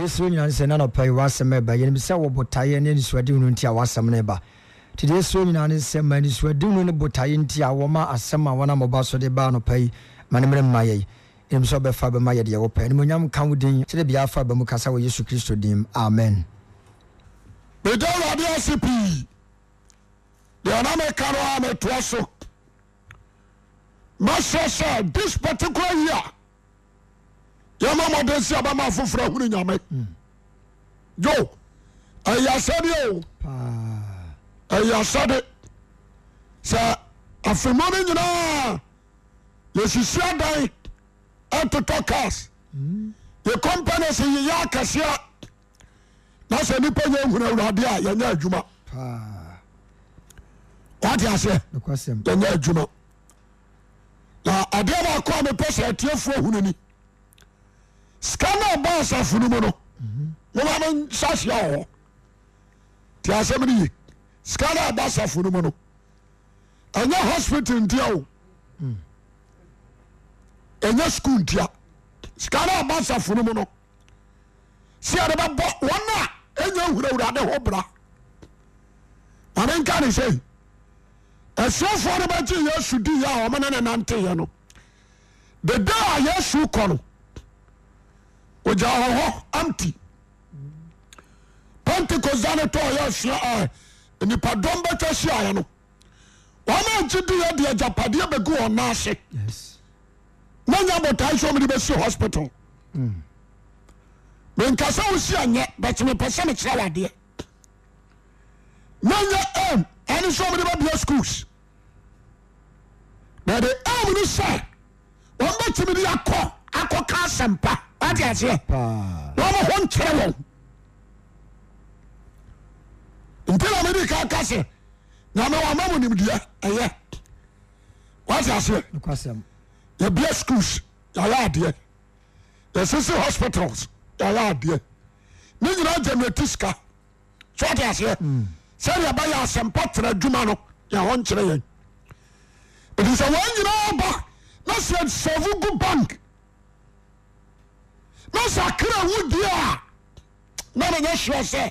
yesu nyinaa na nɔpɛ yi wasɛm ɛba yɛnim sɛ wɔ botaeɛ ne anisoadew no nti a wasɛm no ɛba nti deɛ yesu nyinaa ne sɛ ma anisoadew no ne botaeɛ nti a wɔma asɛm a wɔn amɔba so de baa nɔpɛ yi ma ne mmerɛ mma yɛ yi ɛnim sɛ wobɛfa bɛma yɛ deɛ wopɛ animonyam ka wo din kyerɛ biaa fa ba mu kasa wɔ yesu kristo dim amen meda awurade ase pii deɛ ɔna meka no a metoa so mahyɛ sɛ this particular year yɛma mɔden sɛ bɛma foforɔ ahunu nyame yo ɛyɛ asɛde o ɛyɛ asɛde sɛ afemɔ no nyinaa yɛsisi adan ɛtotɔ cars yɛ company sɛ yɛyɛ akɛseɛ na sɛ nipa il y a na Il y a mepɛ sɛ atiefoɔ hununi ska ne baasafono mu no womamo sasiɛhɔ nti asɛm ne ye skane abasafo no mu no ɛnyɛ hospital ntia o ɛyɛ scoul ntia ska ne abasafonomu no sɛɛdebɛbɔ na ɛya hurawrane ho bra amenkane sɛi asuafoɔ no bɛkye yasu diɛae nantɛoebayasu k ogya hɔ hɔ amti pentekosa notyɛ sua nnipadɔm bɛkwa siaɛ mm. no na gyediɛde yapadeɛ bɛguɔnahe nayɛ bɔta sɛede base hospital menkasa wosiayɛ bɛimepɛ sɛ mekyerɛ wadeɛ neyɛne smede babia schouls bde mn sɛ ɔbɛkyimi di akɔ akɔ ka sɛm pa taseɛmhɔ nkyerɛ w ntinamdikakase ammamunimdea yɛ taseɛ yɛbea scous yɛyɛ deɛ yɛsese hospitals yɛydeɛ e yinayaatiscaosɛɛɛɛsmradwuaɛrɛɛɛtsɛ a yinaba nassavku bank nesa kra wu dia namene heɛ sɛ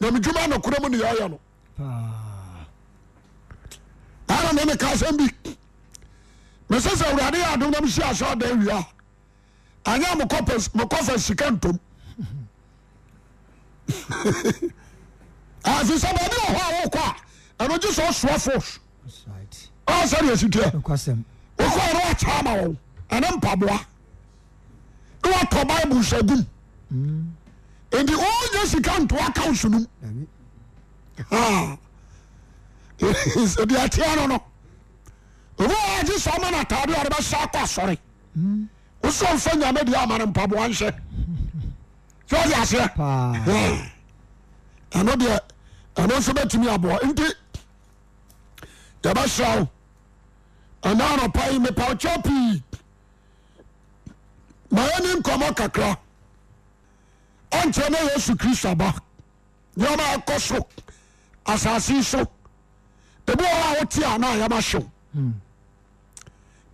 yamedwuma nokora mu neyayɛ no arene ne ka sɛm bi mesɛ sɛ awurade yɛadomnamsiasɛ ada wia anye mokɔ fa sika ntom fii sɛ bɛde whɔ wokɔ a ɛnogye sɛ ɔsoa fo sɛesknkaanpaa e watɔ bible sa gu inti ogye sika ntoa kao sonom deɛ atia no no ofa agye sa woma natade adebɛsa kɔ asɔre wosomsa nyama diɛ amane mpa aboa nhyɛ sɛode aseɛ ɛndeɛɛno so batumi aboa nti yɛbɛsrɛ wo ana nɔpai mepa okya pii maanim kɔmɔ kakra ɔnkye no yesu kristo aba yemaɛkɔ so asasey so de bɛwɔ hɔ wɔ tia nayɛma hew hmm.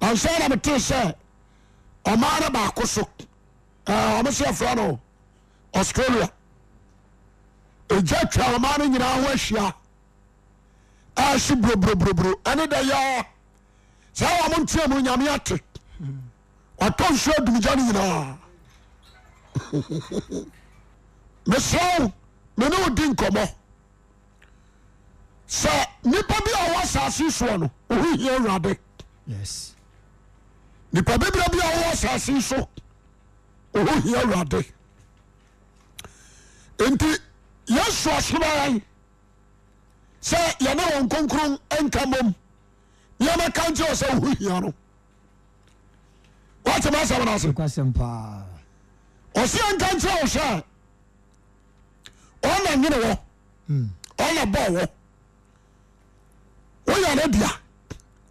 ansada metee sɛ ɔma na baako so ɔmese fra no australia egya twa ɔma ne nyina ho ahia ahe buroorbro ɛne dayaa sa w montia mu nyamea te watɔ nsua adumgya no nyinaa mesɛwo mene ɔdi nkɔmmɔ sɛ nnipa bia a wɔ saase soa no oho hia awurade nnipa bebira bia wɔwɔ saase so oho hia awurade nti yɛsua somaa sɛ yɛne wɔ kronkron nkamom meamɛka ntiɔ sɛ woho hia no wakmasɛns ɔseɛ nka nkyerɛ wohɛa ɔna nwene wɔ hmm. ɔna bɔ wɔ woya ana adia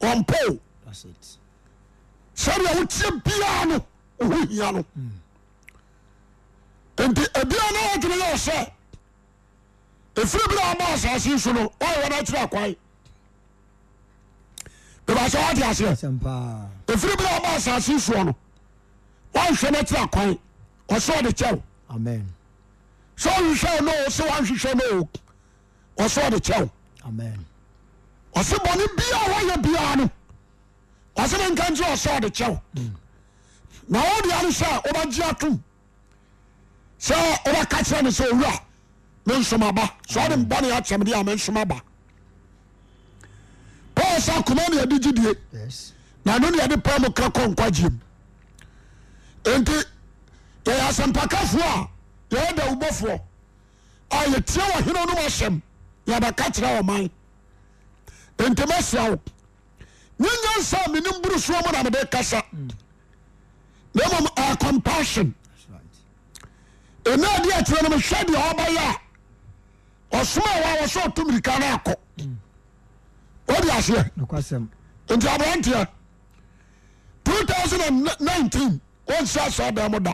ɔmpoo sɛbea wokyerɛ biaa no oho hia no hmm. nti abia na wɔkena yɛ ɔsɛ ɛfiri bia wama asaase so no ɔɛwɔn' kyerɛ akwae ìbáṣẹ wọ́n ti àṣẹ efiri bi na ọba asase soɔ no wọ́n hwɛ ne tira kwan ɔsɛ ɔde kyɛw sɛ ɔhwehwɛ no o sɛ wọ́n hwehwɛ no o ɔsɛ ɔde kyɛw ɔsɛ bɔnne bia wɔyɛ bia no ɔsɛ ne nkankye ɔsɛ ɔde kyɛw na wɔn de ano sɛ ɔba gye atum sɛ ɔba kakyɛ ne sɛ owura ne nsoma ba sɛ ɔde mbɔ ne akyɛm de a me nsoma ba. sɛ koma ne degidie nanonede pm kra kɔnkag nti yɛyɛ asampa kafo a yɛɛda wubofoɔ ayɛtia w henenomasɛm yɛbaka kyerɛ ɔma nti mɛsiawo niyasaa menim boruso m namede kasa na mo acompassion ni deakyerɛ nom hwɛ deɛ ɔbayɛ a ɔsoma waa wɔsɛ ɔtomirika no akɔ wode aseɛ nti aberanteɛ 2019 wonsa sɛ bɛn mo da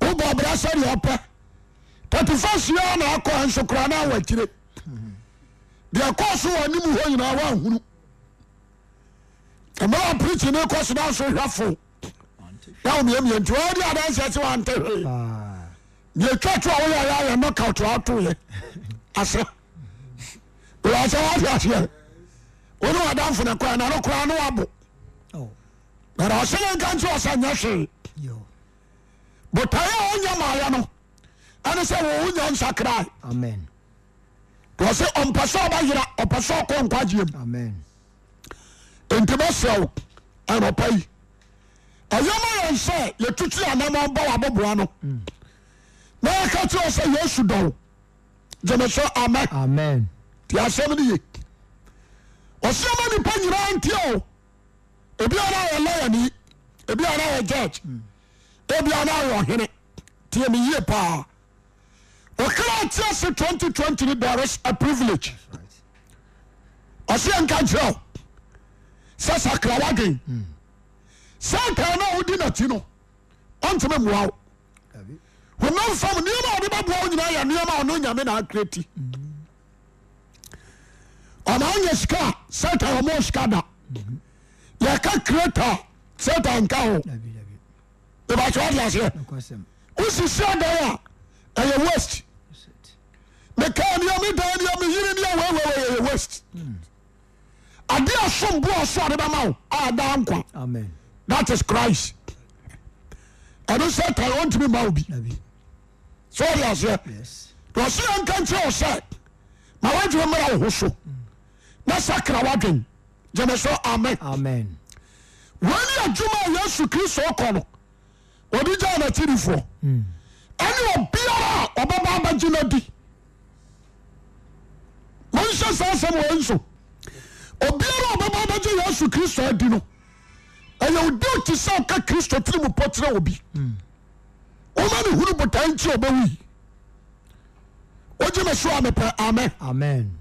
wobɔ bra sɛdeɛ ɔpɛ 31 yia na akɔ nso kora no awakyire deɛ kɔɔ so wɔ anim hɔ nyinaa woahunu ɛmɛ wa preach ne kɔ so no so hwɛ fo na womiamia nti wɔde adanseɛ sɛ wante hwee ah. deɛ twatwo a woyɛyɛayɛ nɔkawtoatoyɛ asɛ sɛenedamfonnora n wabosɛmanka ntiɔsɛ yɛ swee buai ɔnya mayɛ no ane sɛ wɔonya nsakrai wse ɔmpɛ sɛbayera ɔpɛsɛkɔnka ntimɛsɛo an ɔpayi ɔyama yɛnsɛ yɛtutanɛaoboa no ɛ ka ti sɛ yesu dao ge me so ame asɛm nye ɔsiama nipa nyinaa ntio obiana wɛla yanei obinjeg obia nawɛ ɔhene tineyie paa ɔkrateɛse 20020 ne dares a privilege ɔseɛ nka kyirɛo sɛ sakrawadwen sɛnka no wodi nati no ɔntomɛ moawo honamfam nneɛma ɔne baboao nyinayɛnnemanenyamenaakra ti mm. amayɛ sika satan ɔma ska da yɛka krata satan nka ho batedeasɛ osisida a ɛyɛ wast mekaeeriyɛwst adesomblsode bɛmao ada nkwa thatis christ ɛno satan ɔntimi ma o bi sdeasɛ sanka nkyerɛo sɛ awato mra wohoso mm. nɛ sakrawodwen gyemɛ sɛ ame wɔni adwuma a yesu kristo ɔkɔ no wɔde gyaanatirifoɔ hmm. ɛne obiara a ɔbabaabagyeno adi manhyɛ saasɛm wɔ nso biara a ɔbɛbaabagye yesu kristo adi no ɛyɛɔde oti sɛ oka kristo tire mupotera obi oma hmm. ne huru botaa nti ɔbahui wogyemɛso a mepɛ ame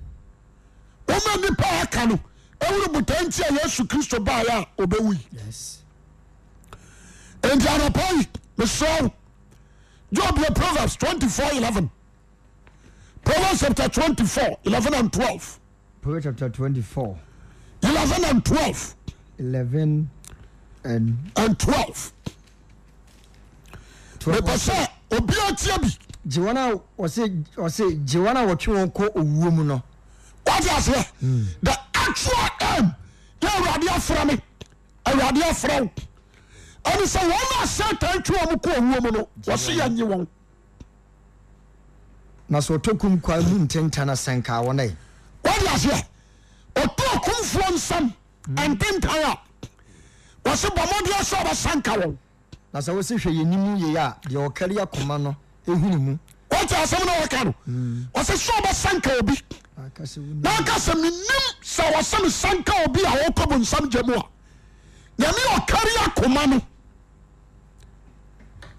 wọ́n mi aka no ewúro ntí a Yesu Kristo báyà Job yẹ Proverbs twenty four eleven, Proverbs chapter twenty four eleven and twelve. Proverbs chapter twenty four. Eleven and twelve. Eleven and. And twelve. wati aseɛ hmm. the actual aim yɛ awurade afra me awurade afra wo ɛne sɛ wɔn a satan twe wɔn kɔ owuo mu no wɔsi yɛ nye wɔn. na sɛ ɔtɔ kum kwa mu ntentana sɛnka wɔn ayi. wadi aseɛ ɔtɔ kumfoɔ nsam hmm. ntentan a wɔsi bɔ mɔdeɛ sɛ ɔbɛsanka wɔn. na sɛ wɔsi hwɛ yɛn nimu yie a deɛ ɔkari akoma no ehunu mu. wɔte asɛm na wɔka no hmm. wɔsi sɛ ɔbɛsanka obi. maaka sɛ menim sa wɔ sɛ mesanka wɔbi a wɔkɔbo nsam gya mu a nea me ɔkaria koma no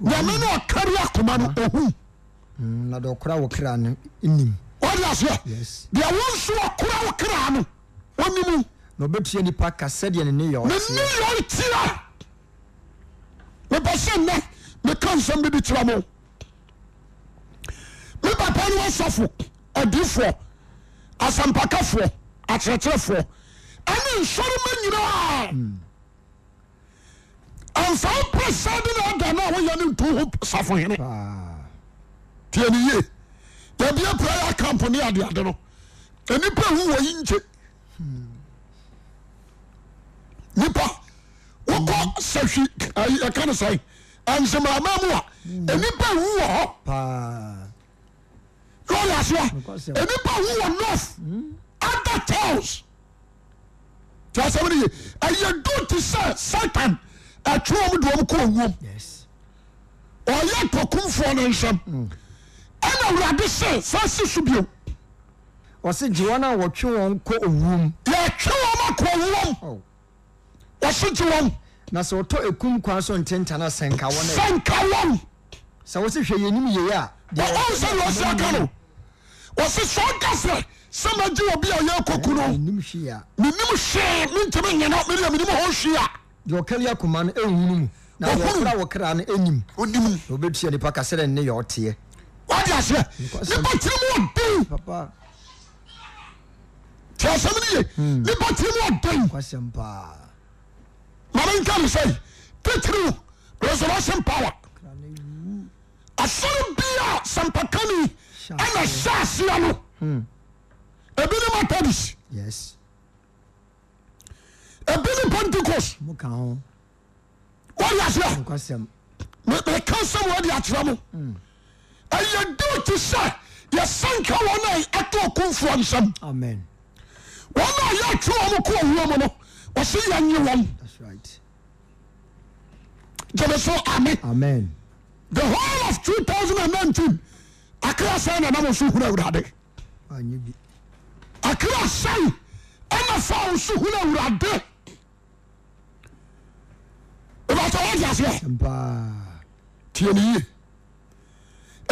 neamene ɔkare koma no ɔhu odea mm, soɛ deɛ wonso ɔkora wo kra no ɔnimmene yɔre tira mepɛ sɛnnɛ meka nsɛm bɛbi tera mo mebapa ye onsafo ɔdefoɔ asampa akafoɔ akyerɛkyerɛfoɔ ɛne nsɔrema nyinaa amsao perɛ sade na ada no a woyɛ ne ntoo ho safohene ntianeye yabia pra yɛ akapone adeade no anipa wu wɔ yi nkye nipa wokɔ sahwi ɛka ne sɛi ansemaama mu a anipa wu wɔ hɔ lórí aseɛ enipa wu wɔ north other towns tí a sɛ wọ́n yẹ ɛyɛ dùn ti sɛ satan ɛtúwọ́ mu dùn ɔmu kọ́ owó ɔyɛ tɔkunfoɔ ne nsɛm ɛna awurade sɛ sɛsi so bio. ɔsi gye wɔn a wɔtwe wɔn kɔ owuom. yɛtwe wɔn akɔ owuom ɔsi gye wɔn. na sɛ ɔtɔ ekum kwan so ntentan sɛnka wɔn. sɛnka wɔn. sɛ wɔsi hwɛ yɛn nim yie a. ɔwɔ nsɛn wɔsi aka no wɔsi sɔɔ gasi sɛmɛ gye obi a ɔyɛ koku no menim hwee mentimi nyɛno medeɛ menim hɔ hwee deɛ ɔka yɛ akoma no ɛnhunu mu na wɔkra wɔkra no ɛnim a onim na wobɛtua nipa ka sɛdɛ nne yɛ ɔteɛ wade aseɛ nipa tiri mu ɔden nti asɛm no ye nipa tiri mu ɔden mamenka me sɛ titiri resurrection power asɛm bia sɛmpakani ɛna sɛaseɛ no hmm. ebino mapadis ebine penticost wode aseɛ ɛka sɛm waade akyerɛ mu hmm. ɛyɛditi sɛ yɛsɛnka wa n ɛtɔɔkomfoɔ nsɛm wɔna yɛ atwerɛ wɔ m kɔɔhuo mu no ɔse yɛnye wɔn gyemɛ so ame the hal of 3 akrasa nanaso hun wrade akra sai anafaoso hun awurade ebatawakasɛ tieniyi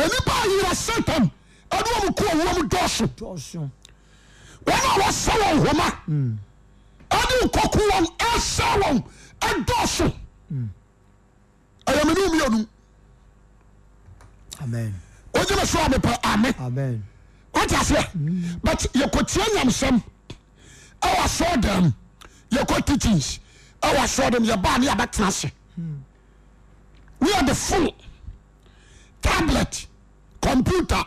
anipa yera satan aduomukuawomu doso one wasa won homa mm. adenkoku mm. wo asa wo adoso ayaminimianu ozema soa mepa ame atasea but yɛkotia yam sɛm ɛwa sudem yko teachins wsudem yaba ne abatenase neyade fol tablet computer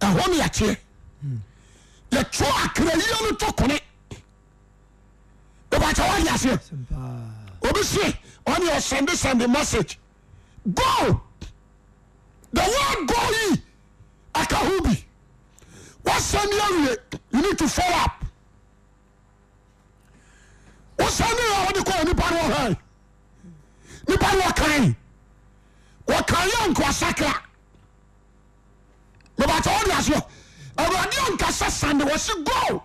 ahoneatiɛ yɛto akerayeno tokone obta wateasea obise on yor sendy sendy message g the word go akahubi. aka ho bi wasɛm awie you need to follow up wosɛm ne yɛ wɔde kɔɔ nipa no ɔhɛ nipa no ɔkan wɔkan yɛ nkoasakra mebata wɔde aseɛ awurade ankasa sande wɔse go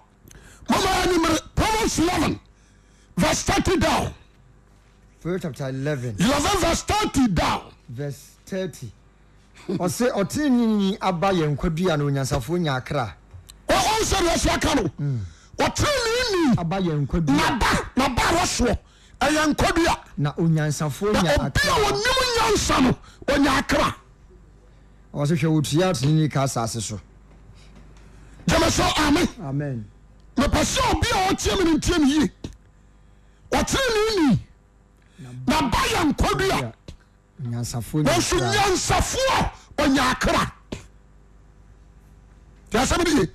mama animere proverbs eleven, verse thirty down Proverbs chapter eleven. Eleven, verse thirty down verse thirty. ɔsɛ ɔtene aba yɛ nkwadua no onyansafoɔ nya akra ɔnsɛde asi aka no mm. ɔtene nini aba yɛ nkwadua naba na onyansafoɔ nya kra ɔbia nyansa no ɔnya akra ɔsɛ hwɛ wɔtua tene ka asase so gyama sɛ ame amen mepɛ sɛ obi a ɔtie me no ntie no yie ɔtene nini naba yɛ nkwadua nnso nyansafoɔ ɔnyaakra asɛmdɛ ye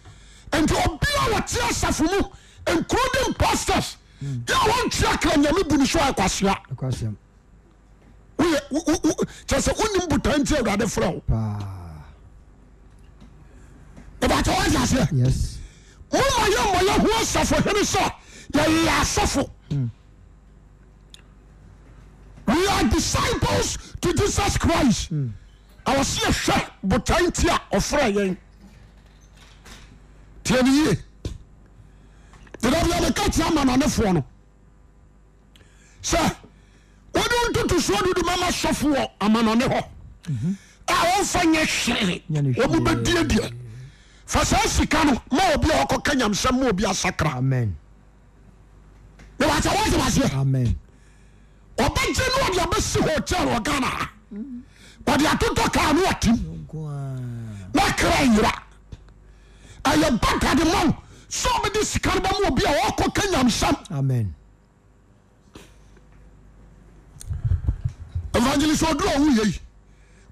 nti ɔbia wɔteɛ asafo mu nkroden pastors ewɔntea hmm. kra nyame bu nuso aakwasea kyerɛ sɛ wonim bota ntiawurade frɛ wo bɛtawseɛ moma yɛɔyɛho safohene sɛ yɛyyɛ asofo we are disciples to jesus christ awɔseɛ hwɛ botae nti a ɔfrɛ yɛn ntiɛneyie deɛimɛkatia amanɔnefoɔ no sɛ wodintoto sua de dumamasɔfo wɔ amannɔne hɔ a wɔmfa yɛ hwere ɔmubɛdie deɛ fa saa sika no ma obia hɔ kɔka nyam sɛ ma obi asakra wawotɛbaseɛ obaye no adabesi ho keogana ode atotoka noatim nakrayera ayɛ batade ma so bede sikare bamaobia oko ke yamsam evangelis odowoyei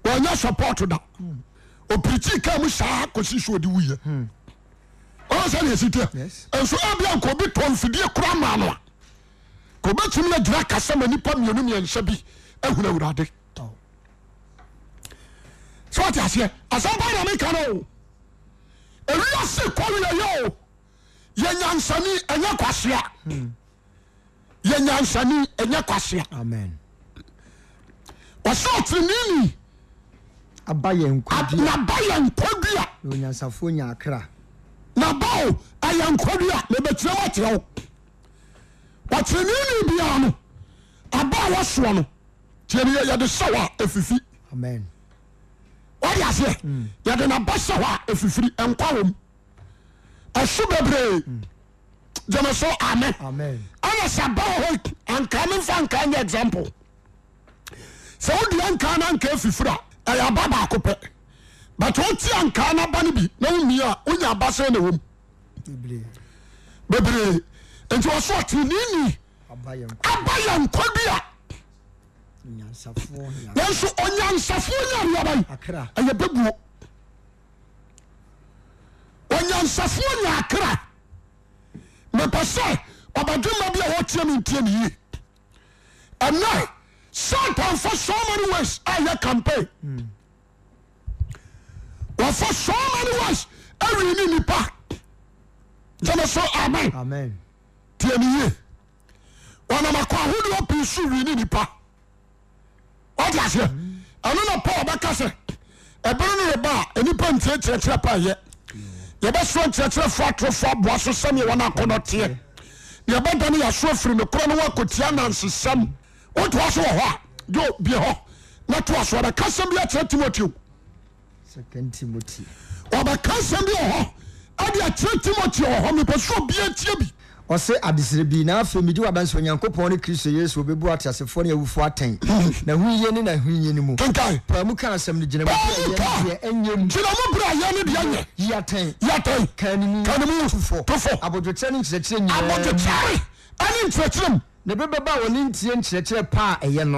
oya support da opriti kemu saa kosesuod woye sanesite nsobiankabto mfidie koraman obɛtumi na gyira kasɛma nipa mminmnhyɛ bi ahunwurde sɛwtaseɛ asampanameka no wise koriayɛo yɛyansane yɛ kasa yɛyansan nyɛ kwasoa setiremnina yɛnw naaaynkwaa mbɛtirawokerɛwo ɔtwenene biaa no aba a wɔsoɔ no tiɛmiyɛ yɛde sɛw a afifi wode aseɛ hmm. yɛde naba sɛw a afifiri nkwa wom ɛso bebree hmm. gyeme so Amen. ɛnɛ sɛ aba wɔ hɔ anka memfa nka nyɛ example sɛ wodua nka no anka afifiri a ɛyɛ aba baako pɛ but woti anka no aba no bi na womia a wonya aba sɛ na wom bebree inti wɔso ɔti nini aba yɛnka bia anso ɔyansafoɔ nya areabai ayɛbɛguo onyansafuɔ nya akra mepɛ sɛ ɔbadwema bi a hɔ tiamu ntia neyi ana sanpamfa somany wes ayɛ campain wɔfa sowmany weis awine nipa samoso aba nye anam akɔ hodea peso ne nipa pau ɛaerɛa ka tmtka a tt ɔsɛ adesere bi na afei medi waba nso onyankopɔn ne kristo yesu obɛbu ateasefoɔ ne awufoɔ atɛn hmm. na hoyie ne na hoyie no mu paa mu ka asɛm no gyina mudeɛ ɛnyɛ mu gyina mo berɛ ayɛ no deɛ nyɛ yiatɛn yiatɛn kanemu tofo abodwokyerɛ no nkyerɛkyerɛ nyinaa abodwokyerɛ ɛne nkyerɛkyerɛ mu ntie nkyerɛkyerɛ paa ɛyɛ no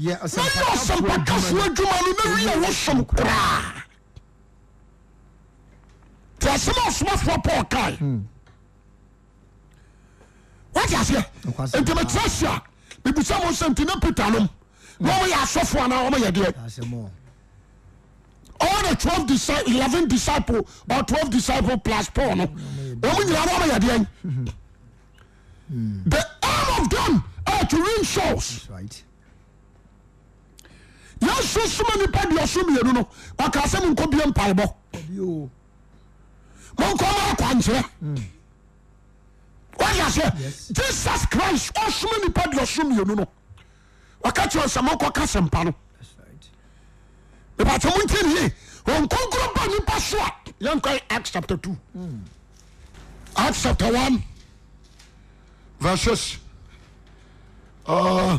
nɛɔsɛmpka semo dwuma no nena wosom koraa asɛm somafoɔ hmm. pa kaaeɛntimɛrasea mebisam santinapiano eɔyɛ hmm. asfo nɔɛeɛ lthe eleve disciple or te disciple plas pa no hmm, ɔmyinan ayɛeɛ the arm of tem areerin sows yɛso soma nipa duaso mmienu no ɔka sɛ mo nkɔ bie mpaebɔ monkɔ ma akwankyerɛ wode aseɛ jesus christ ɔsoma nipa duaso mmienu no ɔka kyerɛ sɛ monkɔ ka sɛmpa no mepatɛ montie ne ye ɔnkonkoro ba nipa so a yɛnkɔ acts chapter two. Hmm. acts chapter one. verses uh,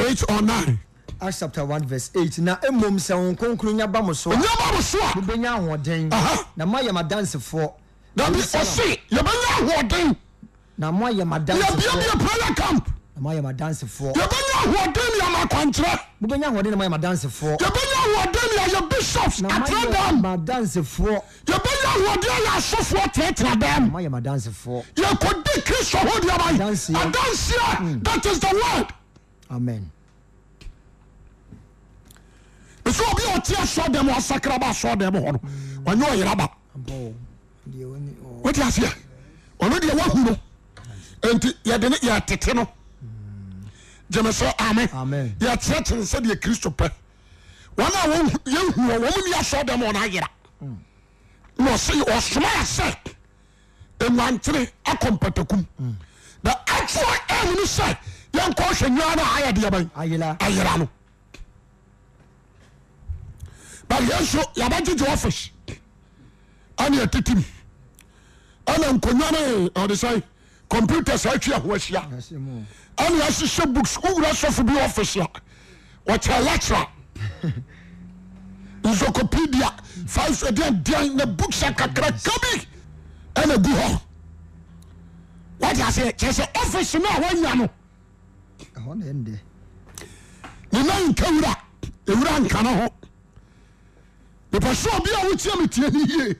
eight or nine. Acts chapter 1 verse 8 na mmom sɛ wo nkonkro nya ba mo so a nyaba mo so a mobɛnya ahoɔden na moayɛ madansefoɔ dabi ɔse yɛbɛnya ahoɔden na moayɛ madansefoɔ prayer camp na moayɛ madansefoɔ yɛbɛnya ahoɔden ne ama akwankyerɛ mobɛnya ahoɔden na moayɛ madansefoɔ yɛbɛnya ahoɔden ne ayɛ bishops atradam madansefoɔ yɛbɛnya ahoɔden yɛ asɔfoɔ teateradam moayɛ madansefoɔ yɛkɔdi kristo ho deɛ ma adanseɛ mm. that is the word amen soobi ɔteɛ sodemskd yrabnwhu ni yɛtee no emesɛ yɛ esɛde kristo pɛ n sdyerasomasɛ uatere akompaaku un sɛ yɛnɛ ɛ btyɛso yɛbagyegye ofice ane atitim ɛna nkogwane ɔde sɛe computa saa twi ahoasia ane asesyɛ books wowura sɔfo bi ofice a wɔkɛ letral nsocopedia 5iveadedean na books akakraka bi ana gu hɔ wdeaskyɛsɛ ɔfice no awanya no enakawura wur nkan ho mepɛ sɛ obi a wotia me tie ne yie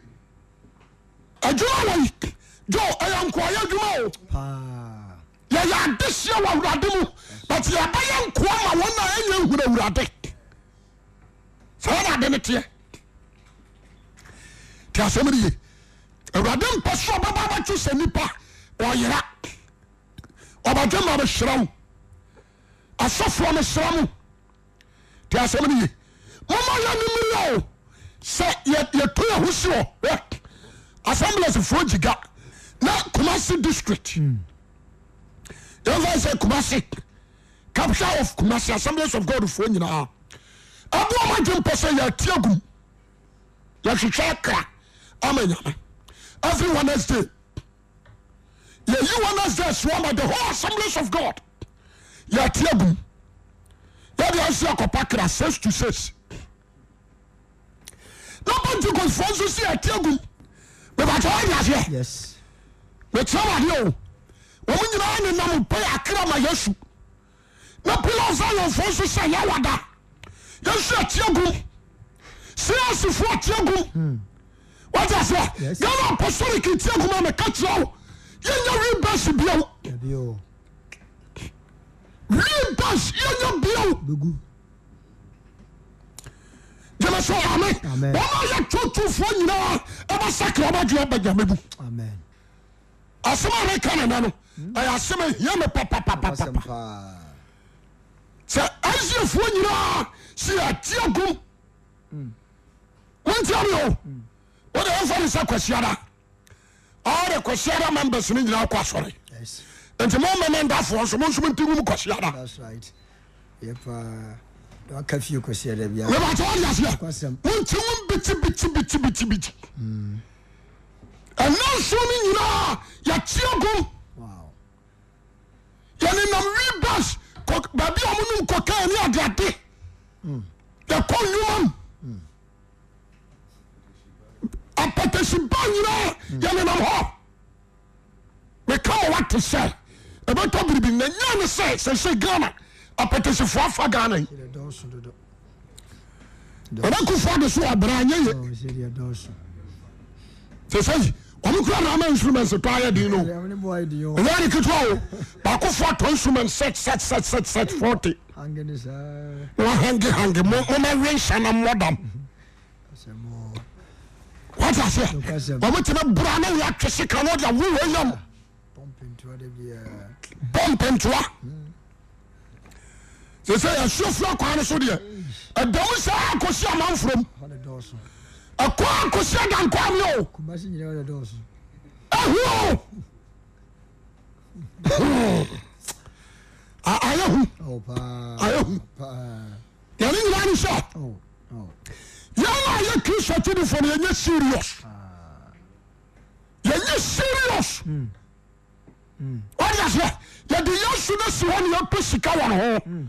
adwuma wɔ jo ɛyɛ nkoayɛ adwuma o yɛyɛ adehyɛ wɔ awurade mu but yɛbɛyɛ nkoa ma wɔn a ɛnyɛ nhunu awurade sɛ wɔn ade ne teɛ te asɛm ne yie awurade mpɛ so ɔbɛba bɛtwe sɛ nipa ɔyera ɔbɛdwe ma bɛhyerɛ wo asɔfoɔ no hyerɛ mo te asɛm ne yie mɔmɔ yɛ ne mmiri o ɛyɛtɔ yɛho siwɔ assembles foɔ gyi ga ne kumase district yɛmf sɛ kuma se capture of kuma se assemblas of god foɔ nyinaa abma gempɔ sɛ yɛati agm yɛhwehwɛ kra ama nyame every ones day yɛyi onsday sa by the whoe assemblas of god yɛate agm yɛdeas akɔpakra sss nọmba ntikọsifoɔ nso si ɛti egum bɛbàtà wọn yà seɛ wòtí wọn adeɛ o wɔn nyinaa nenam pɛ akira ma Yesu na pillar zionfoɔ nso sɛ yɛ wada Yesu ɛti egum siyasifoɔ ɛti egum wọ́n sẹ́ ghana apostolic ti ẹ̀ kúmọ̀ mi kẹ́kẹ́ ọ́ yẹn yẹ rebels bíọ́ rebels yẹn yẹ bíọ́. gyeme sora me oneyɛ twotufuɔ nyinaa ɛbɛsakramauaba yame bu asem are kanana no yɛ asem hiame pap sɛ asiefuɔ nyinaa siatiagom wontiameo wode wɛfre sa kwasiada de kwasiada mabasone nyina kɔ asɔre nti momɛne ndafosmosomo ntwum kasada tdas wontiwo bitibiii ɛnansone yinaa yatia go yenenam we bas babiamunom kokani adate mm. yɛkɔ human mm. apatasi ba yinaa mm. yɛnenam hɔ beka wowatesɛ ebɛtɔ biribi nanyane sɛ sese ghana apetese fo fa gan enekefo de soa brayeye temkroma instrument tye deke bakf to instrument sefor0nnensn dmtme branetese kaym bompentuwa e sɛ asuafu koa no so deɛ adao saa kosia manforom a kosia gankoamnɛo yah yɛne yina nesɛ yɛnayɛ kristo kidifo no yɛnye seris yɛnyɛ seris eɛ yɛde yɛ suno si hɔ nema kɛ sika wone hɔ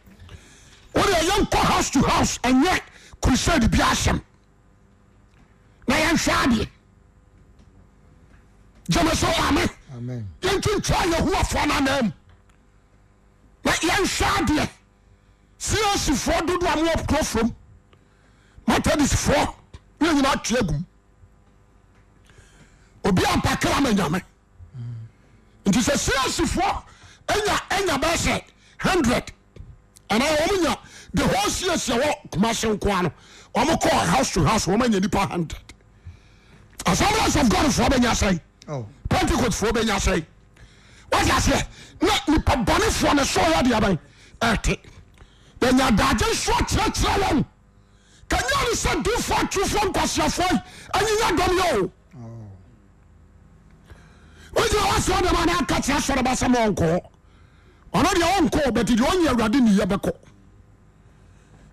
wd yɛnkɔ house to house ɛnyɛ krysad bia ahyɛm na yɛnhwɛ deɛ gyamesɛ ame yɛnti tayɛhoafo nnaamu na yɛnhwɛ deɛ seesifoɔ dodoamoɔkrɔ from matedis foɔ eyina at agum obiampakale ma nyame mm. nti sɛ seosifoɔ ayabɛ sɛ h0n0red mya e hsisiwo kumasonkono aka ose o oeyai s kerɛkera sɛ ak ɔno deɛ ɔnkɔ bɛti deɛ ɔnyɛ awurade ne yɛ bɛkɔ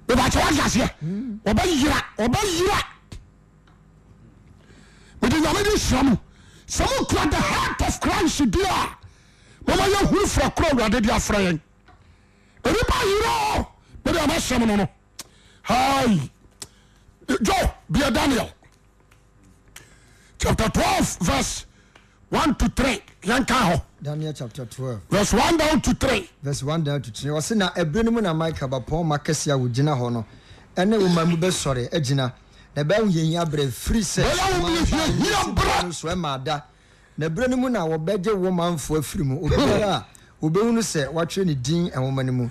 bɛbɛkyɛ wagye aseɛ ɔbɛyera ɔbɛyera mede nyame de hyira mu sɛ mokura the heart of christ bi a mama yɛhuru fra koro awurade de afra yɛn ɛnipa yerɛ mede amahyɛm no no hai jo bia daniel chapter 12 verse 1 to 3 yɛnka hɔ daniɛ cha 12 ɔ sena abere no mu na micael bapɔn ma kɛseɛ a wo gyina hɔ no ɛne wo ma n mu bɛsɔre agyina na ɛbɛawo hiehia berɛ firi sɛsmaada na bere no mu nawɔbɛgye wo ma nfo firi mu bi a ɔbɛhuno sɛ woatwerɛ no din woma no mu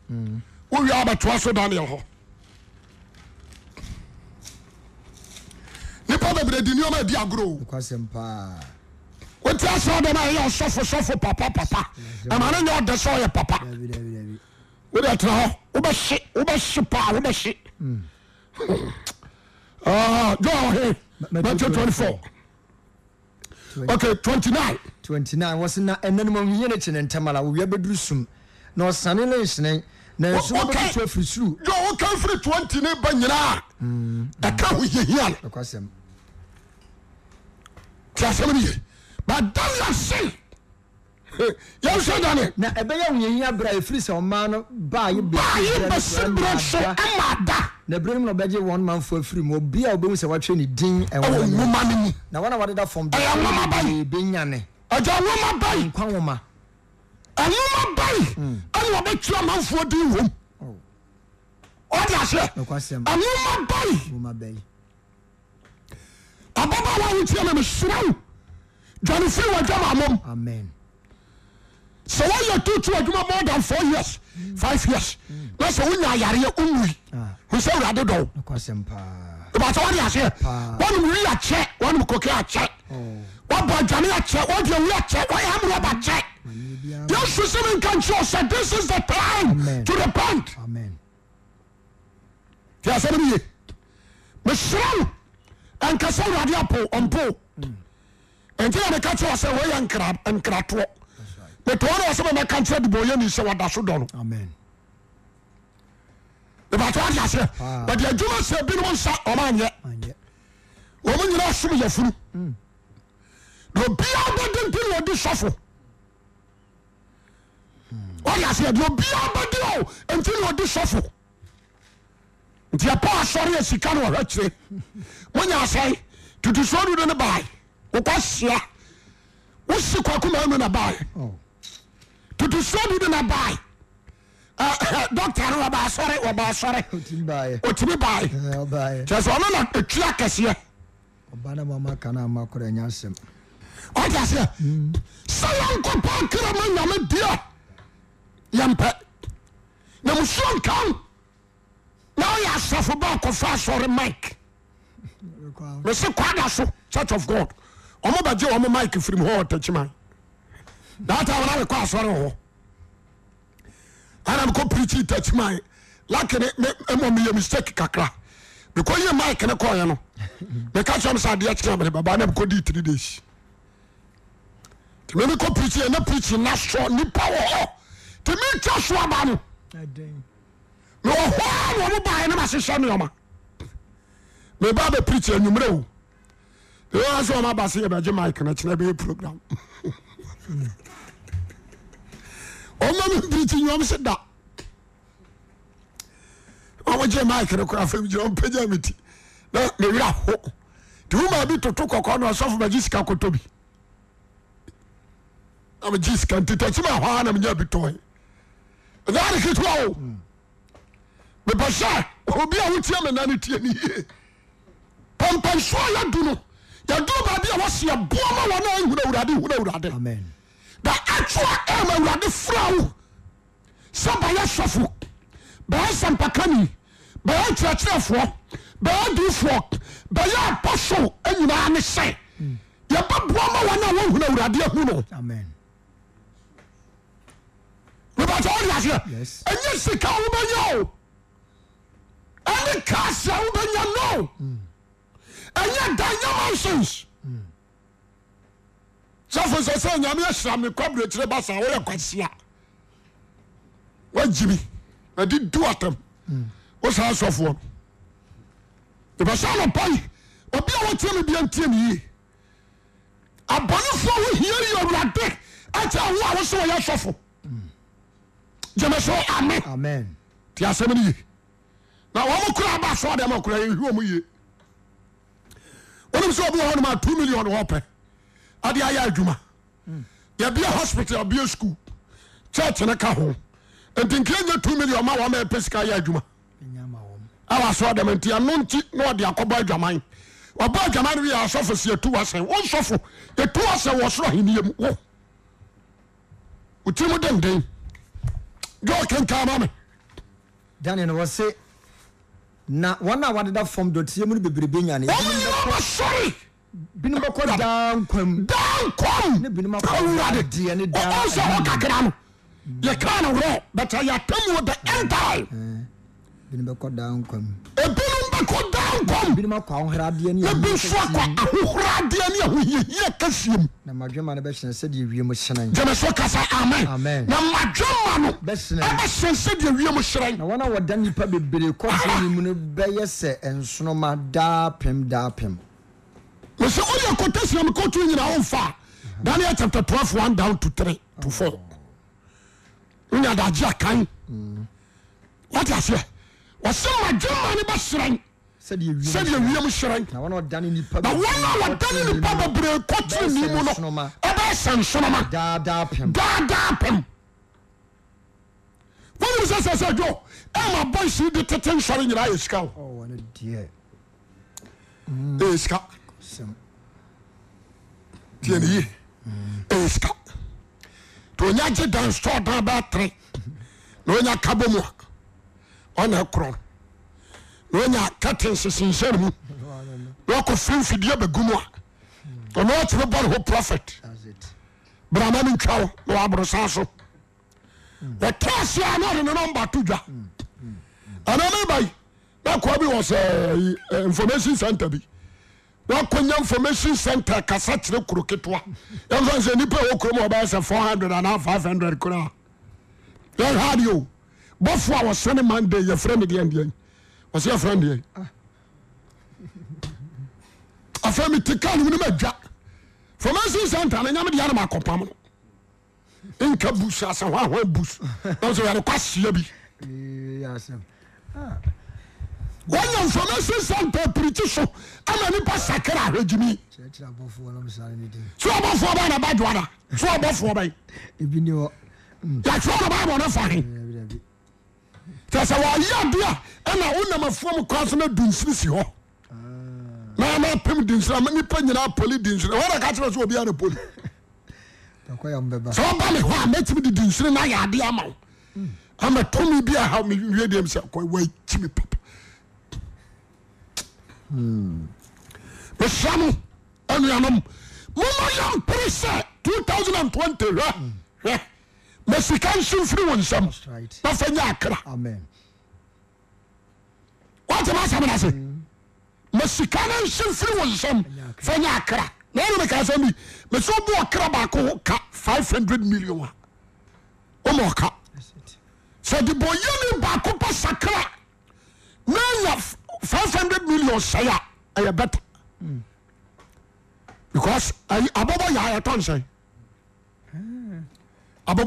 Mm. wowie abɛtoa so daniel hɔ nipa bebre di nneɛma adi agorɔ dɛm a ɛyɛ ɔsɔfo sɔfo papa papa ɛma ne nyɛ ɔde sɛ ɔyɛ papa wode tena hɔ wobɛhye wobɛhye paa wobɛhye mm. ah, joa ɔhe matthew 24 okay 29 29 na no mahiɛ no ne ntɛm ala na nsoma bɛ tutu afiri suru. yɔ o kan firi twenty ne ba nyinaa mm. ɛka ho yehia no tí a sɛbɛn yɛ ba dala se yɛn sɛ dani. na ɛbɛyɛ ho yehia bira efiri sɛ ɔmaa no baa yi bɛ baa yi bɛ se bira so ɛma da. na ebire mu na ɔbɛgye wɔn ma fo efiri mu obi a obehu sɛ watwe ne din ɛwɔ ne mu na wɔn a wɔdeda fam. ɛyɛ nwoma bayi ɛbɛnya ne. ɛjɛ nwoma bayi. nkwa nwoma ɔmoma bae ɛne wɔbɛtwerɛ amanfoɔ din wom ɔde aseɛ ɔmoma bae ababa wa wo tiama mesera wo dwane firi wɔadwama amom sɛ woyɛ toto adwuma more than four years hmm. five years na sɛ wonya ayareɛ wonwui hu sɛ wurade dɔw ìbàtà wọn di àṣẹ wọn nù wí àkyẹ wọn nù kòkè àkyẹ wọn bọ àdwane àkyẹ wọn di òwú àkyẹ wọn yà á mú rọba àkyẹ. yesu se menkankyio sɛtisis the time to the pant sɛ mye meserao ankasa wde p mo ntinekaesɛnrametarddaodsɛ i aayɛ omuyena so meyafurun mm. f deaseobia bdeo ntin ode sofo nti ɛpo asɔre asika nwha kye monyase totoso du n no ba woksia wosekwakomamna ba tosod nna ba dk asre otimi baknena tia kesiɛyna krem yai yɛmpɛ na musuo nkan na ɔyɛ asafo ba akɔfa asɔre mike mese kwada so church of god ɔmo bɛgye ɔmo mike firi mu hɔ ɔtakyima daata wɔn abɛkɔ asɔre hɔ ana mekɔ pirikyi takyima laki ne me ɛmɔ mi yɛ mistake kakra mekɔ yie mike ne kɔɔyɛ no meka kyerɛ m sɛ adeɛ kyerɛ mene baba na mekɔ dii three days nti memekɔ pirikyi ɛna pirikyi na sɔ nipa wɔ hɔ temeka sua ba no meho nuomo bane msese neoma mebabe prek umerɛo sma baseyebeye mik kie program ma mepriise damie ho tmoma bi toto kokosfo eje sika kotobeskakiabi ek bebɛsɛ obia hotiamenano tian yie pɔmpansua yɛdo no yadoɔ baabi a wɔ seyɛboɔma wnehunuwrade da atoa ɛma awurade furao sɛ bɛyɛ sɛfo bɛyɛsanpakami bɛyɛ kyerɛkyerɛfoɔ bɛyɛ dufoɔ bɛyɛ aposo ayinaa ne sɛ mm. yɛba boa ma wane awahuna wurade ahu no nípa tó ọ̀rẹ́ àṣẹ ẹ̀yẹ sika wọ́bẹ̀yẹ o ẹni káàsì wọ́bẹ̀yẹ no ẹ̀yẹ danyẹ mọ́sẹ̀nsì sọfún sọ sẹ nyàmú yẹ sàmì kọ́bìrì kyerẹ bàtà ọ̀rẹ́ kwasi a wọ́n jìbì ẹ̀dí du àtẹ̀m wọ́n sàn sọfún ìbẹ̀sẹ̀ ọ̀nà pọ́yì obi a wọ́n tiẹ̀ mi bí ẹ̀ ń tiẹ̀ mi yìí abọ́nifọ̀ wọ́n hìyẹ́ yẹ̀ ọ̀rọ̀ adé ẹ̀ tẹ̀ àwọn àwọn sọ wọ́n yẹ sọfún. keme so ame ti asemineye kro ba sudeme to millionma bi hospital scol en kae t milliontm dee okenkamame danien wɔ se na ane wadeda fom dotiɛmuno bebrebenyanebinkdankame bnkaker yekanwrbaytame enti binom bɛkɔ daa nkwa mu ebinom bɛkɔ daa nkwa mu binom akɔ ahohoradeɛ ne ebi nso akɔ ahohoradeɛ ne ahohiahia kɛseɛ mu na madwema no bɛhyerɛn sɛdeɛ wiem hyerɛn gyeme so kasa amen amen na madwema no ɛbɛhyerɛn sɛdeɛ wiem hyerɛn na wɔn a wɔda nnipa bebree kɔsɛ ne mu no bɛyɛ sɛ nsonoma daapem daapem mesɛ woyɛ kɔtasiam kɔto nyina womfa a daniel chapter 12 1 down to 3 to 4 wonya dagye akan mm. wate aseɛ osen ma joma ne ba seren sedewiemu serennawane wo dani nipa babre kotre nimuno ebe sansoroma dada pem wo were se sese ju ema bose de tetensare yeraesikao eska tenye ska tonye je danstodan ba tre nnye kabomua ne koro nya kateseseamuw frimfidiaum neteeho profit brama no ntwa rsan so tesa nene bato wa nabi ea isɛ nfomation center bi ya nfoaon cente aaer ken 00500 k bɔfo a wɔsɛne manda yɛfrɛ ne deɛ ndeɛ wɔsɛ yɛfrɛ ndeɛ afei mete ka nom no madwa formation center no nyame deɛ anam akɔpam no nka bus asa ho ahoa bus nanso yɛde kɔ ahyia bi wanya information center pirikyi so ama nipa sakra ahwegyimi so ɔbɔfoɔ bɛ na badwoada so ɔbɔfoɔ bɛ yɛtwerɛ no bible no fa he sɛ waaya dea na wonamafua mu koa sono dinsiri si hɔ oh. nmapemu ah. dinirianipa yina pale dinrka einsɛ woba me hɔ makimi de dinsiri noyɛ deɛ ma o ama tmibihwki mesa no anuanom moma yankpere sɛ 2020hɛ mesika nsi firi wo nsam na fanya akra watemasaminese me sika na nsi firi wo insam fanya kra nemek sam bi meso obuokra bako ka five hun0red million a omooka so te bo yemi baku kpo sakra neya five h0n0red million seia aye bete hmm. because abobo yayatonse yyp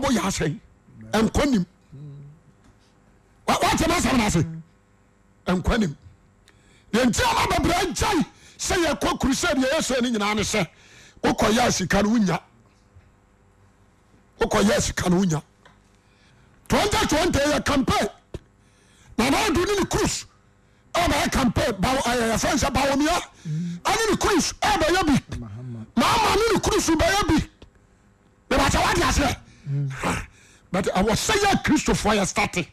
boo yase nko ni watemasamnase nka nim intima babra jai se yɛko krusenyyseni yina nese oyoyoko ya sikanwoya tnte tntyɛ campe nanadunine krus abayɛ campafens baomeya anene krus wbaya bi mamame no kurusu bɛyɛ bi bɛbɛa wodeaseɛɛyɛristoyɛ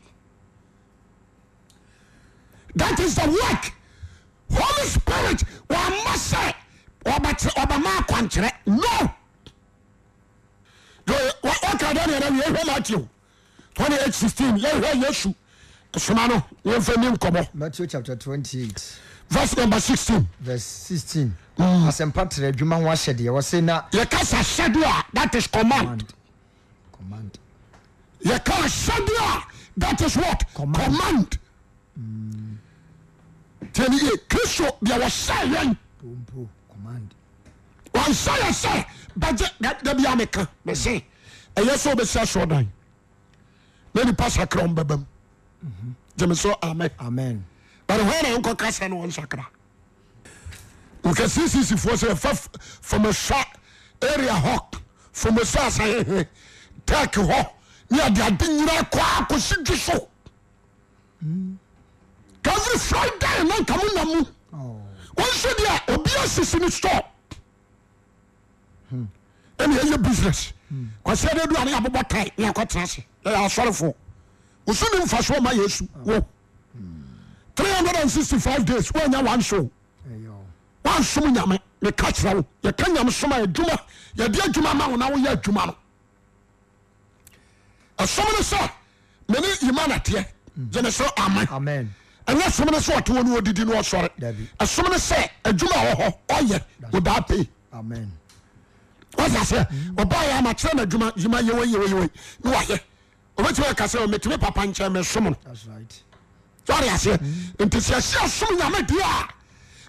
that is the work holy spirit ɔamma sɛ ɔbɛ ma kwankyerɛ no kadmattew 205 yɛyɛ su soma nomfninkɔmɔ vrs nmb 6 Mm. asɛmpatra adwuma ho ahyɛdeɛ wɔ se na yɛkasa syɛde a thatis command yɛasɛa tats wa command tny mm. eh, kristo biawɔsɛ ɛ ɛɛsɛ bɛgyamekams ɛyɛ sɛbɛsiasodan menipa sakra baba m gemso amnbtkas n nka ccc foɔ sɛ fa fɔmɛsa area hɔ fɔmɛsa asahehe tɛk hɔ ne ade ade nyina kɔa kɔsi dwi so ka every friday na nka mo na mu wɔnso deɛ obi asisi ne store ɛne hmm. ɛyɛ business kwasi ɛde du ane abobɔ tae ne akɔtena ase ɛyɛ asɔrefoɔ wosu ne mfa soɔ ma yesu wo 365 days woanya one show wa som yame meka kerɛ wo yeka yame som uma yade aduma maena woya afuma no somneso ms mayersome yame d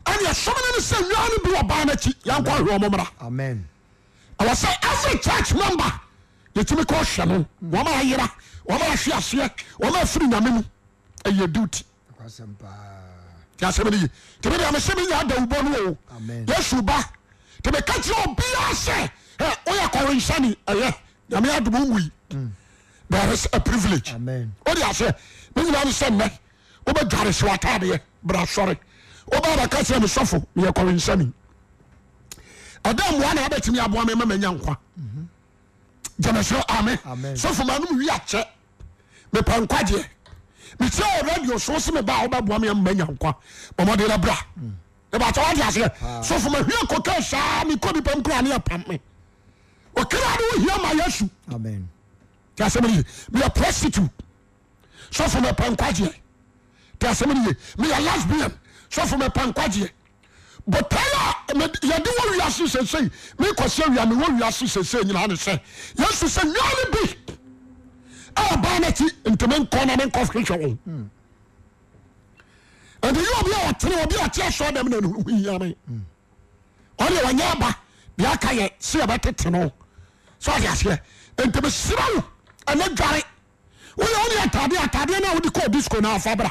ane semene ne se yne biwo bane ki yankommera wse asery church member yetimi ke se yer es firi mm. a edmyadaubosba emeka bia se ye koesan dprlgs woba baka kyerɛ me sɔfo meyɛ kɔrensani ɛda mmoa na wabɛtumi aboa me ma manya nkwa gyamɛsoro ame sɔfo ma nom wi akyɛ mepɛ nkwagyeɛ mekyerɛ wɔ radio so se meba a wobɛboa me ama nya nkwa bɔmɔde no bra ɛbɛkyɛ hmm. wode aseɛ ah. sɔfo ma hwia kɔka saa mekɔ nipa m kora ne yɛpam me ɔkra ne wohia ma yɛasu nti asɛm ne meyɛ prostitute sɔfo mepɛ nkwagyeɛ nti asɛm ne ye meyɛ lesbian sɔfo mɛpa nkwagyeɛ botaya yɛde wɔ wiase sesei mekɔsɛ wia mewɔ wiase sesei nyinaa ne sɛ yesu sɛ nwane bi ɛwɔ baa no akyi ntimi nkɔ na menkɔ hwehwɛ wo ɛnti yɛ obi a ɔtene obi a ɔte asɔ dɛm na nuhiame ɔne wɔnyɛ aba deɛ aka yɛ se yɛbɛtete no sɛ ɔde aseɛ ntimi serɛ wo ɛne dware woyɛ wone atadeɛ atadeɛ no a wode kɔɔ disco no afa bra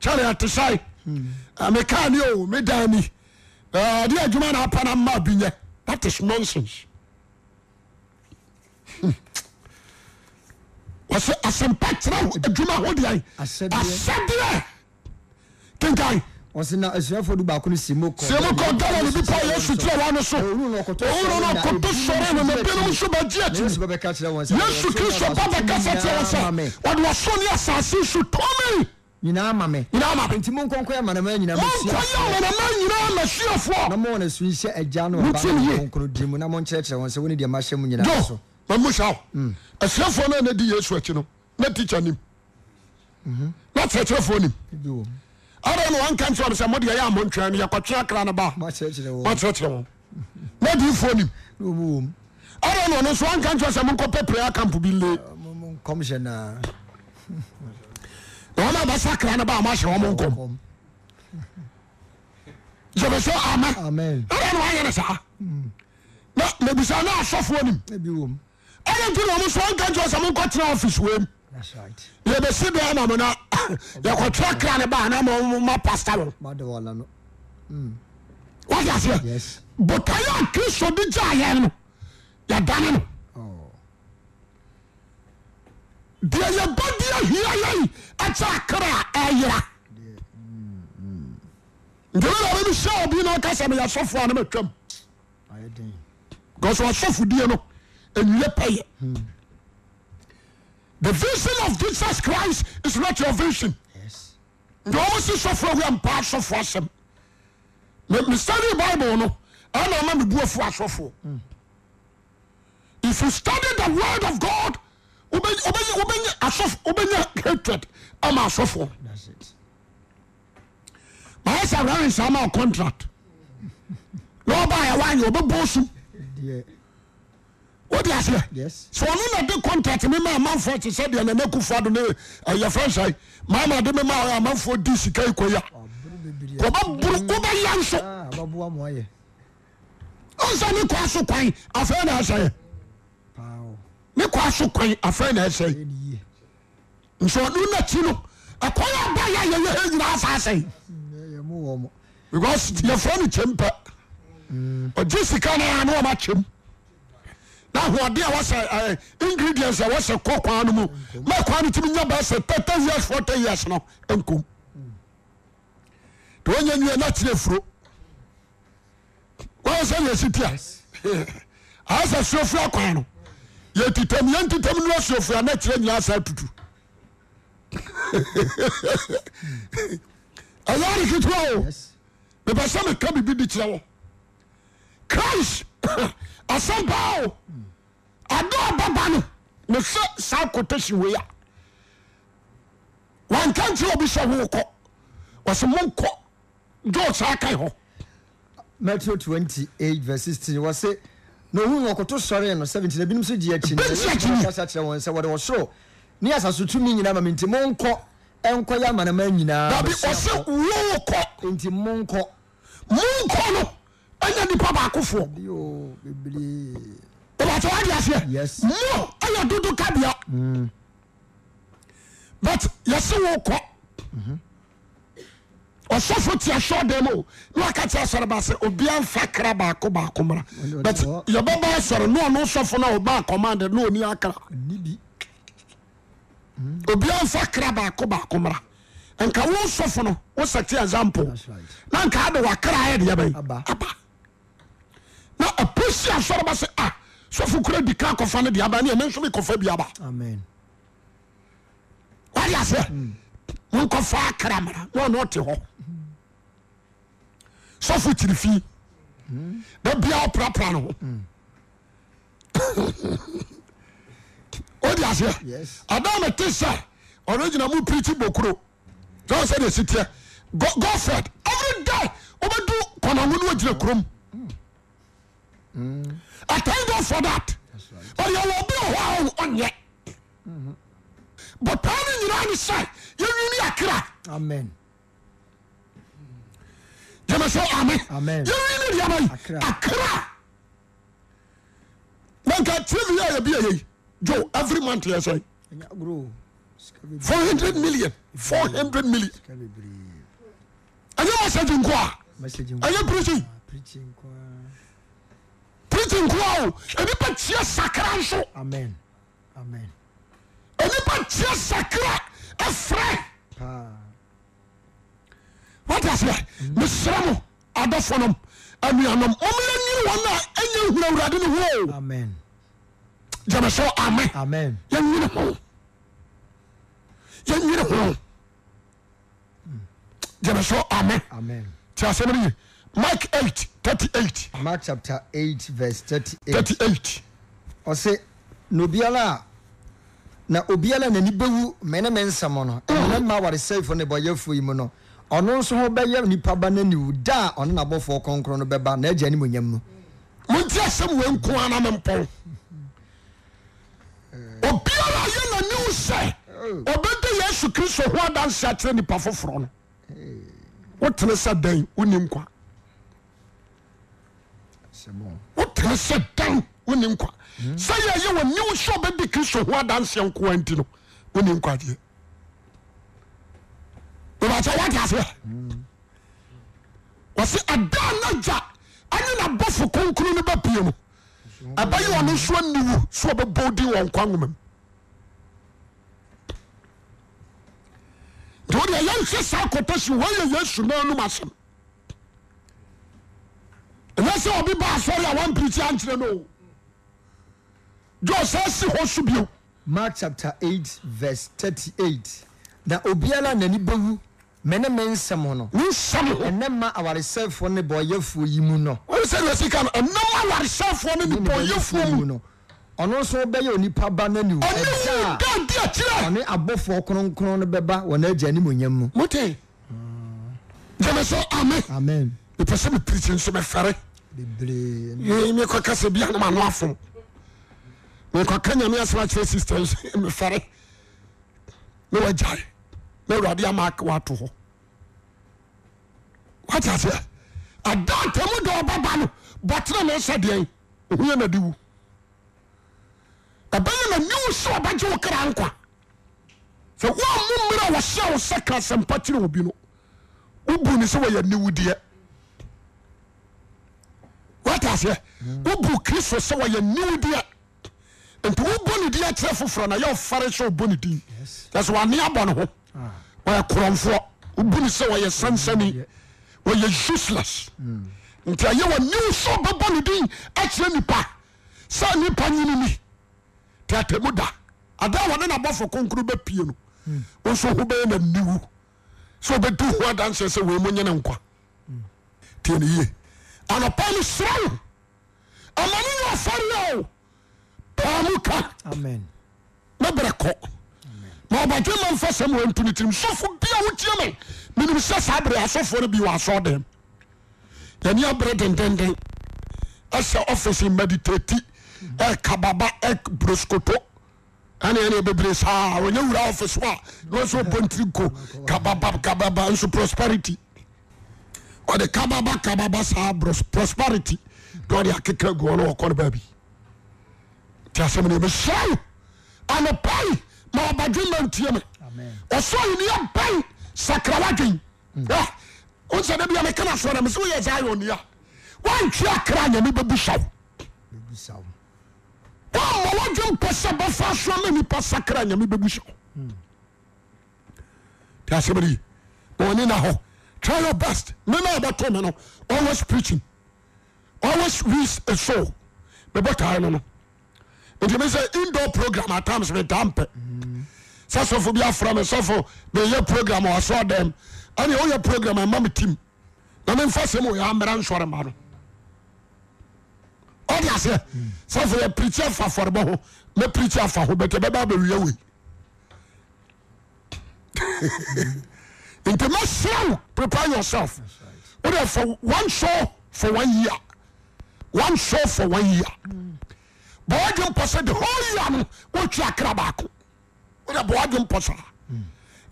kaeatesai mekane medanima sa rɛ nyinaa ma me. nyinaa ma me. nti mu nkɔnkɔ yɛ manama nyinaa ma si. nkɔyɛ manama nyinaa ma si afɔ. na mo wɔn esu nhyɛ ɛgya no ɔbaa no nkɔnkɔn di mu na mo nkyerɛkyerɛ wɔn sɛ wɔn ni deɛ ma hyɛ mu nyinaa so. jo mamu sa o asuafoɔ náà na di yesu akyi no na tikya nim mhm. na kyerɛkyerɛfoɔ nim ara na wɔn kan kyerɛ sɛ mo deɛ yɛ amɔ ntwɛn no yɛkɔtwe akra no ba ma kyerɛkyerɛ wɔn na di ifoɔ nim ara na wɔn nso wɔn kan kyerɛ sɛ mo nkɔ pɛ prayer camp bi le. kɔmhyɛ naa. anaba se kra ne bamase womonko sebe so amen edenewa yene saa megbiso ne aso funim eyentinuo mo sonkanjio se monko tira office wem ye bese biama mona yeko tra kra ne ba nema paste b watase but aya kristo di jayer no ya daneno deɛyɛbadiahia yɛi ata kraa ɛyera ndɛmyɛmemisyɛbino kasa meyɛ sɔfo a na matwam bcause wɔsɔfodie no anira pɛyɛ hmm. the vision of jesus christ is not your vision ndɛomo si sɔfo weampaa sɔfo asɛm me study bible no ɛnama mebua fo asɔfoɔ hmm. ifyo study the wrd of g wobɛnya asɔfo wobɛnya hatred ama asɔfoɔ maayɛ sɛ awurare nsa ma contract na ɔba yɛ woanyɛ wɔbɛbɔ su wode aseɛ sɛ ɔno na de contract me ma amanfoɔ te sɛ deɛ nana kufoɔ do ne ɛyɛ fransae maama de me ma amanfoɔ di sika yi kɔyi a wɔbɛboro wobɛya nso ɔnsa ne kɔa so kwan afei na asɛeɛ ne kɔ so kwan afei na ɛsɛ nso ɔno n'akyi no ɛkwan a ba yɛ yɛyɛ hɛ nyinaa saa sɛ mm, because yɛfrɛ pɛ mm. ɔgye sika no a na ɔma kyɛm na ahoɔden a wɔsɛ ingredients a wɔsɛ kɔ kwan no mu ma kwan no tumi nya ba sɛ thirty years forty years no nkom te wɔnyɛ nwie n'akyi afuro wɔn sɛ yɛsi tia ayɛ sɛ suofura kwan no yɛ titam no asuafo ana kyerɛ nyinaa saa tutu ɛyɛ ade ketewa o mepɛ sɛ meka biribi de kyerɛ wo christ asɛmpaa o ade ɔbaba no mehwɛ saa kotasi wei a wanka nkyerɛ obi sɛ wokɔ wɔsɛ monkɔ george saa hɔ matthew 28 verse 16 wɔ se na ohun wɔkoto sɔre no seventy na ebinom nso di akyi no ɛkasa kyerɛ wɔn sɛ wɔde wɔsoro ne asaso tumi nyinaa ma mi nti mo nkɔ ɛnkɔ yɛ amanama nyinaa dabi ɔsɛ wo kɔ nti mo nkɔ mo nkɔ no ɛnyɛ nipa baako foɔ ɔbɛtɔ wadi aseɛ mo ɛyɛ dodo kabea but yɛsɛ wo kɔ ɔsɔfo tia sɔɔ dɛm o ne waka tia sɔrɔ ba sɛ obiara nfa kra baako baako mara but yɛbɛba asɔrɔ ne ɔno sɔfo na ɔba commande ne ɔni akra obiara nfa kra baako baako mara nka wo sɔfo no wo sɛte example na nka ade wakra ayɛ deɛ bɛyi aba na aposi asɔrɔ ba sɛ a ah, sɔfo kura di ka akɔfa ne deɛ aba ne yɛ nso mi kɔfa bi aba wade aseɛ. Mm. okfaa krara nt h sofo kiri fi de biao prapran ho odas adametesɛ oneinamupriki bokro snsit gofid everyda wobɛdu konon agyina krom a mm. tmdo for that but yɛwo beh yɛ bataniyirani sa yewini akramn gemeso amen yewineyamai akra manca tveyayabia yei jo avrement lesoi or hundre million fourhundred million aja masadinkua aye priting pritin kua adi patia sakranso ɛnpa kiɛ sakra serɛats meserɛ mo adɔfonom anuanom ɔmela nin wana ɛya hura wurade nhe na obiara n'ani bɛwu mene mena nsɛm no ɛnɛ ma awaresɛefoɔ ne bɔyɛfoɔ yi mu no ɔno nso ho bɛyɛ nipa ba no aniwu da a na bofo kɔnkrɔn no beba na agya animonyam mu monti asɛm wei nko ana mempɔn obiara yɛ n'ani wo sɛ ɔbɛda yesu kristo ho adanse akyerɛ nipa foforɔ no wotene sɛ dan woni nkwa wotene sɛ dan woni nkwa sɛ yɛyɛ wɔ new sɛ bɛdi kristo ho adanseɛ nkoa nti no woni nkwagyeɛ bɛbakyɛ woate aseɛ wɔse ɛda na gya ɛne nabɔfo konkro no bɛpie no ɛbɛyɛ ɔno nso aniwu sɛ ɔbɛbɔ din wɔ nkwa nwoma mu nti wodeɛ yɛnhwɛ saa kɔtɔ si wɔyɛ yesu na anom asɛm ɛnyɛ sɛ ɔbi ba asɔre a wampirikyi ankyerɛ no o john si hɔ so mark chapter eight verse thirty-eight na obiara n'ani bɛwu mɛ ne me nsɛm ho no. ne nsɛm ho. ɛnɛ ma awaresɛfoɔ ne bɔyɛfoɔ yi mu no. wọ́n sẹ́ ní ẹ̀sìn kan ẹ̀nà ma awaresɛfoɔ ne bɔyɛfoɔ mu no ɔno nso bɛyɛ onipa ba no ni wo ɛda a ɔne abɔfoɔ kronkron no bɛba wɔn agya animonyam mu. mo tẹ jẹmẹ sọ amen. amen. ìpèsè mi pirikyi nso mẹ fẹrẹ. bebree. yìí mi kọ kásá bí anam anu afọ. eaka yame s kyerɛ sysemefɛre ne waya hɛdaba bterno sɛ oan ɛɛyɛnaniwo sɛ bɛgyewo kra nkwa sɛ womummerɛ wɔswosɛka sɛpairebn wobn sɛ wyɛneɛɛw ksosɛyɛneɛ nti wobɔ ne din akyerɛ foforɔ na ya sɛ wobɔ ne din ɛsɛ wane abɔ ne ho ah. ɔyɛ korɔmfoɔ wobu ne sɛ wɔyɛ sansani wɔyɛ useless mm. nti ɛyɛ wɔnew sɛ bɛbɔ ne din akyerɛ nipa sɛ nipa nyini ni nti atamu da ada wɔne nabɔfo konkro bɛpie no mm. wo nso ho bɛyɛ naniwu sɛ wobɛdi ho adanseɛ sɛ wei mu nyene nkwa mm. tiɛne yie anɔpa no serɛ wo ama no nyɛ o mka mebere ko mabatmefe semeton tri sofo bi wotieme enese sabrsfo bsde enbre dendenden se office maditti kababa broscotonserofficetrikaso prosperity de ka s prosperity kekrak tsemremesea ame pai maoba enmantieme osoniya pa sakrawedkya wanti kra yame be bu se wamaljempose befa suame nip sekra yame bb se semreennh tryof bust menebetomeno always preaching always res a sorebot ntumi sɛ indoor program at times mi ta mpɛ sɛ bi afra mi sɔfo mi yɛ program wɔ asɔ dɛm ɛni o yɛ program ɛma mi tim na mi nfa sɛm o yɛ amera nsɔre ma no ɔdi aseɛ sɔfo yɛ pirikyi afa afɔrebɔ ho mɛ pirikyi afa ho bɛtɛ bɛba bɛ wia wei ntoma sew prepare yourself o de for one show for one year one show for one year. Mm. bodwepɔ sɛ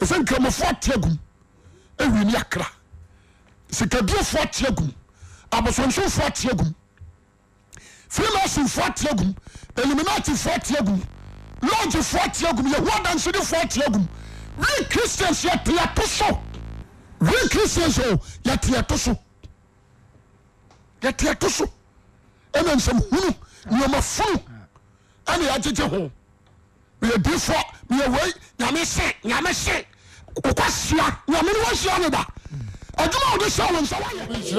e tikraodwpsskfoatiag wini akra sikabiofo atiag absnsofotag freasnfo iluinat fo ogfoscristin yɛscristians ɛssauafu 俺们要结婚，你别说，你问，你们谁，你们谁，不管谁，你们都管你的，白？俺们到底商量啥玩意？